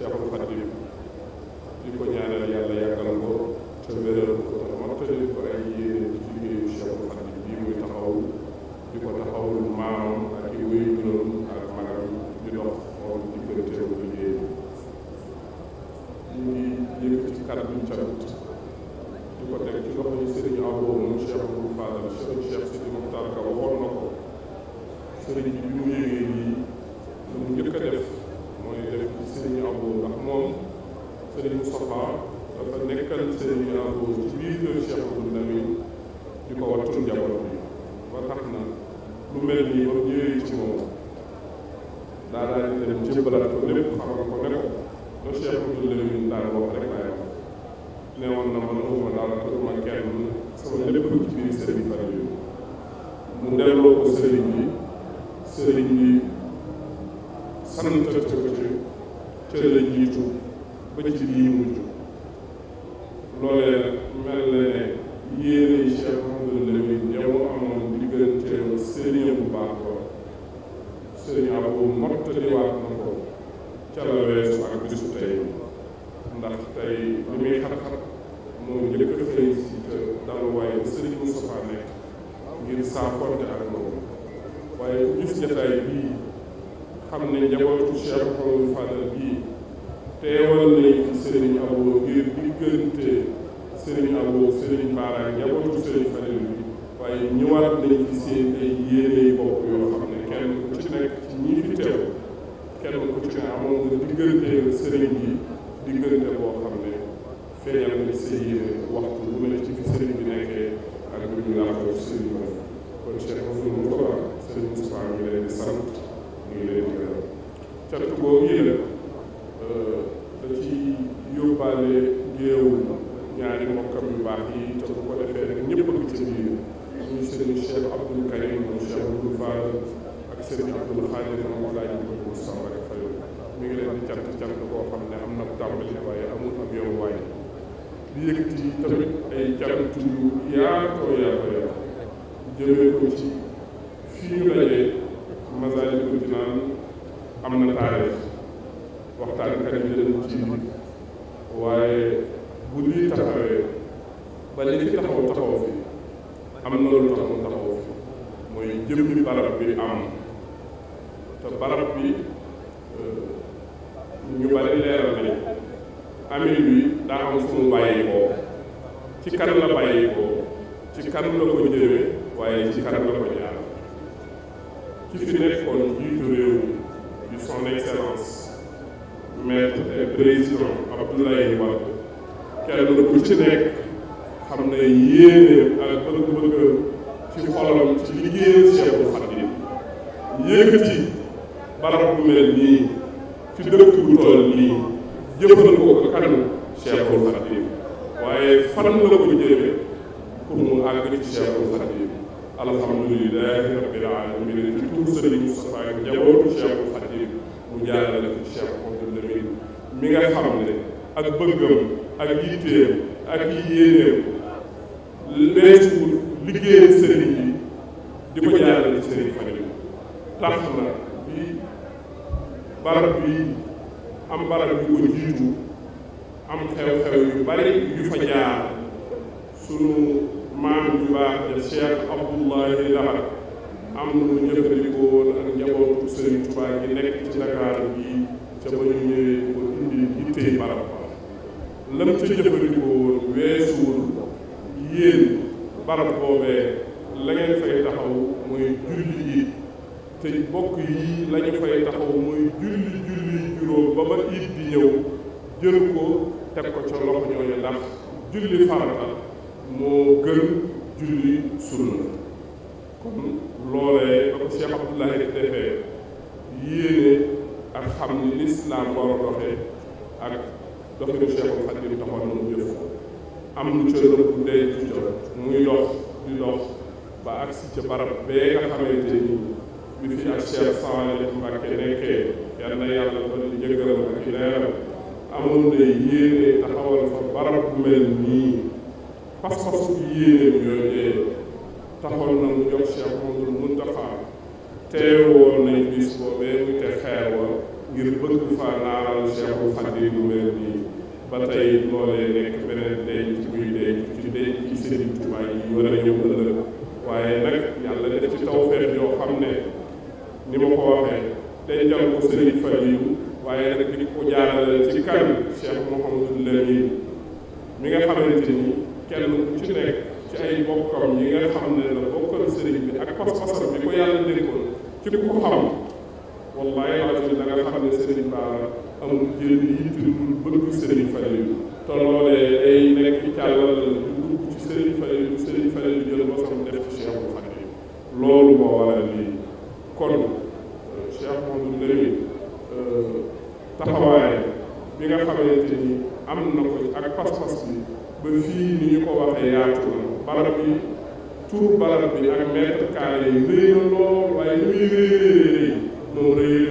Cheikhul Khadim di ko ñaanal yàlla yàggal ko te wéral ko te mottali ko ay yéene ci liggéeyu Cheikhul Khadim bii muy taxaw di ko taxawul maamam ak i wéyuram ak magam di dox xool digganteewu liggéey ñu ngi yëkkati ci kàddu cant di ko teg ci loxo yi sëriñ Abou moom Cheikhul Fadal sëriñ Cheikh Sidi Mokhtar Ka waxoon na ko sëriñ bi mu yëgee Serigne Moustapha dafa nekkal Serigne Abo ci biir kër Cheikh Abdoul Amin di ko wattu njaboot bi ba na lu mel nii ba ñëwee ci moom daa daal di dem ko lépp xam ko ne ko la Cheikh Abdoul Amin daal wax rek laay wax ne woon na man uma daal tëruma kenn sama lépp ci biir Serigne Fallou mu delloo ko Serigne bi sëriñ Abou mottaliwaat na ko ca la weesu ak bisu tey ndax tey li muy xat-xat moom njëkk a xëy si te daluwaay bi sëriñ nekk ngir saafonte ak moom waaye ku gis jataay bii xam ne njabootu Cheikh Mouhamadou Fadal bii teewal nañ ci sëriñ Abou ngir diggante sëriñ Abou sëriñ Baara njabootu sëriñ Fadal bi waaye ñëwaat nañ ci seen ay yéene bopp yoo xam kenn ku ci nekk ci ñii fi teew kenn ku ci ne amoon na diggante sëriñ bi diggante boo xam ne feeñal na si waxtu lu mel ci fi sëriñ bi nekkee ak lu ñu laa ko sëriñ bi kon Cheikh Ousseynou mu ko wax sëriñ Moussa ñu ngi ñu ngi leen di gërëm cant boobu yi nag euh, da ci yóbbaale géewu ñaari mbokkam yu baax yi te bu ko defee rek ñëpp a ci biir muy sëriñ Cheikh Abdoul Karim moom Cheikh Abdoul Fall Serigne Abdoul Khadir moom laaj ko bu sambare fayu mi ngi leen di cant cant koo xam ne am na tàmbali waaye amul am yow waaye di yëkkati tamit ay cant yu yaatoo yaatoo yaatoo jëmee ko ci fii ma dajee Masaalikul Jinaan am na taarix waxtaankat yi dañ ci waaye bu lii taxawee ba li fi taxaw taxaw fi am na taxaw taxaw fi mooy jëmmi barab bi am te barab bi euh, ñu bari leeral nañ amee bi daa am fu bàyyi ko ci kan la bàyyi ko ci kan la ko jëme waaye ci kan la ko jaar ci fi nekkoon jiitu réew di son excellence maître et président Abdoulaye Wade kenn ku ci nekk xam ne yéene ak bëgg-bëgg ci xolam ci liggéeyal Cheikhul Khadim yëkkati barab bu mel nii ci dëkk bu toll nii jëfal ko ko kan Cheikhul Khadim waaye fan la ko jëme pour mu àgg ci Cheikhul Khadim alhamdulilahi rabbil alamin ci tur Sëriñ Moustapha ak njabootu Cheikhul Khadim mu jaarale ko ci Cheikh Abdoul nga xam ne ak bëggam ak yitteem ak yéeneem leesu liggéey sëriñ yi di ko jaarale ci Sëriñ Khadim tax na barab bi am barab yu ko jiitu am xew-xew yu bari yu fa jaar sunu maam yu baax de Cheikh Abdoulaye am na mu jëfandikoo ak njabootu Serigne Touba gi nekk ci Dakar bi ca ba ñu indi yittee barab ba lam ca jëfandikoo woon yéen barab boobee la fay taxaw mooy julli yi te bokk yi la ñu fay taxaw muy julli julli juróom ba ba it di ñëw jël ko teg ko ca loxo ñooñu ndax julli farata moo gën julli sunna kon loolee ba ko Cheikh Abdoulahi defee yéene ak xam ni lislaam war a doxe ak doxinu Cheikhul Khadim taxoon na mu jëf am lu ca lëpp day ci jot muy dox di dox ba agsi ca barab bee nga xamante ni bi fi ak Cheikh Saliou Mbacké nekkee yal na yàlla ko di jëggal ak leeral amoon na yéene taxawal fa barab mel nii pas-pas bu yéene yooyee na mu jox Cheikh Mouhamadou Moustapha teewoon nañ bis boobee mu te xeewal ngir bëgg faa naaral Cheikhul Khadim bu mel nii ba tey loolee nekk beneen denc muy denc ci denc ci Serigne yi war a ñëw ni ma ko waxee dencal ko sëriñ Faliilu waaye nag ko jaarale ci kan Cheikh Mouhamadou Lamine mi nga xamante ni kenn ku ci nekk ci ay bokkam yi nga xam ne la bokkal sëriñ bi ak pas-pasam ko yàlla dénkoon ci ko xam wallaay alhamdulilah da nga xam ne sëriñ Bara amul jënd yitte lu bëgg sëriñ Faliilu te loolee day nekk càllal dugg ci sëriñ Faliilu sëriñ Faliilu jël bosam def ci Cheikh Mouhamadou loolu moo waral lii kon euh, Cheikh Mamadou Ndérémine euh, taxawaay bi nga xamante ni am na ko ak pas-pas bi ba fii ni ñu ko waxee yaatu na barab bi tur barab bi ak mètre carré rëy na lool waaye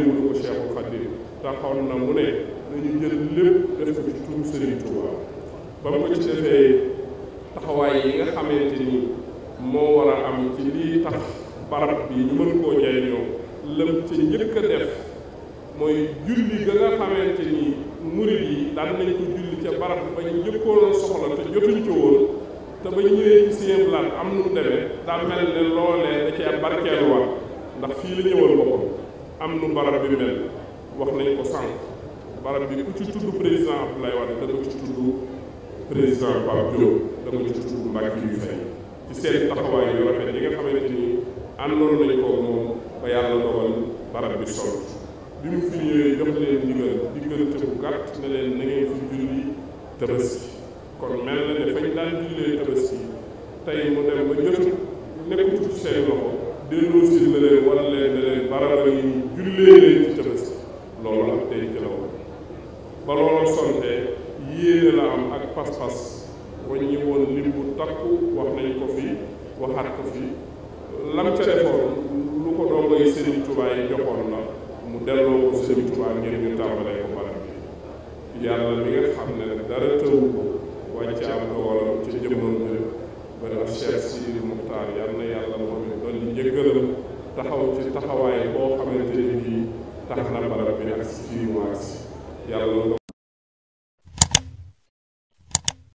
ñu ko Cheikhul Khadim taxaw na ci turu Serigne Touba taxawaay yi nga xamante ni moo war a am ci lii tax barab bi ñu mën koo jëriñoo lëm ca njëkk a def mooy julli ga nga xamante ni murit yi daan nañ ko julli ca barab ba ñu njëkkoon soxla te jotuñ ci woon te ba ñëwee ci seen plan am nu mu demee daa mel ne loolee da cee barkeelu war ndax fii la ñëwal boppam am nu barab bi mel wax nañ ko sànq barab bi ku ci tudd président Abdoulaye Wade da nga ci tudd président Pape Diop da nga ci tudd Mbacke yu fay ci seen taxawaay yu rafet yi nga xamante ni. àndoon nañ ko moom ba yàlla dogal barab bi sol bi mu fi ñëwee jox leen ndigal diggante bu gàtt ne leen na ngeen fi julli kon mel na ne fañ daan jullee tabaski tey mu dem ba jot nekkul ci seen loxo delloo si na leen leen ne barab la ñuy jullee leen ci tabaski loolu ak tey la woon ba loolu sonte yéene la am ak pas-pas waññi lim bu takku wax nañ ko fi waxaat ko fi lam lu ko doon lay Sëriñ Tuubaa yi joxoon la mu delloo ko Sëriñ Tuubaa ngir ñu tàmbalee ko barab bi yàlla mi nga xam ne dara tëwu ko wàcce am dogalam ci jëmmam ji ba def Cheikh Sidi Muxtaar yal na yàlla moom it doon njëggalam taxaw ci taxawaay boo xamante ne bii tax na barab bi ak si fii mu agsi yàlla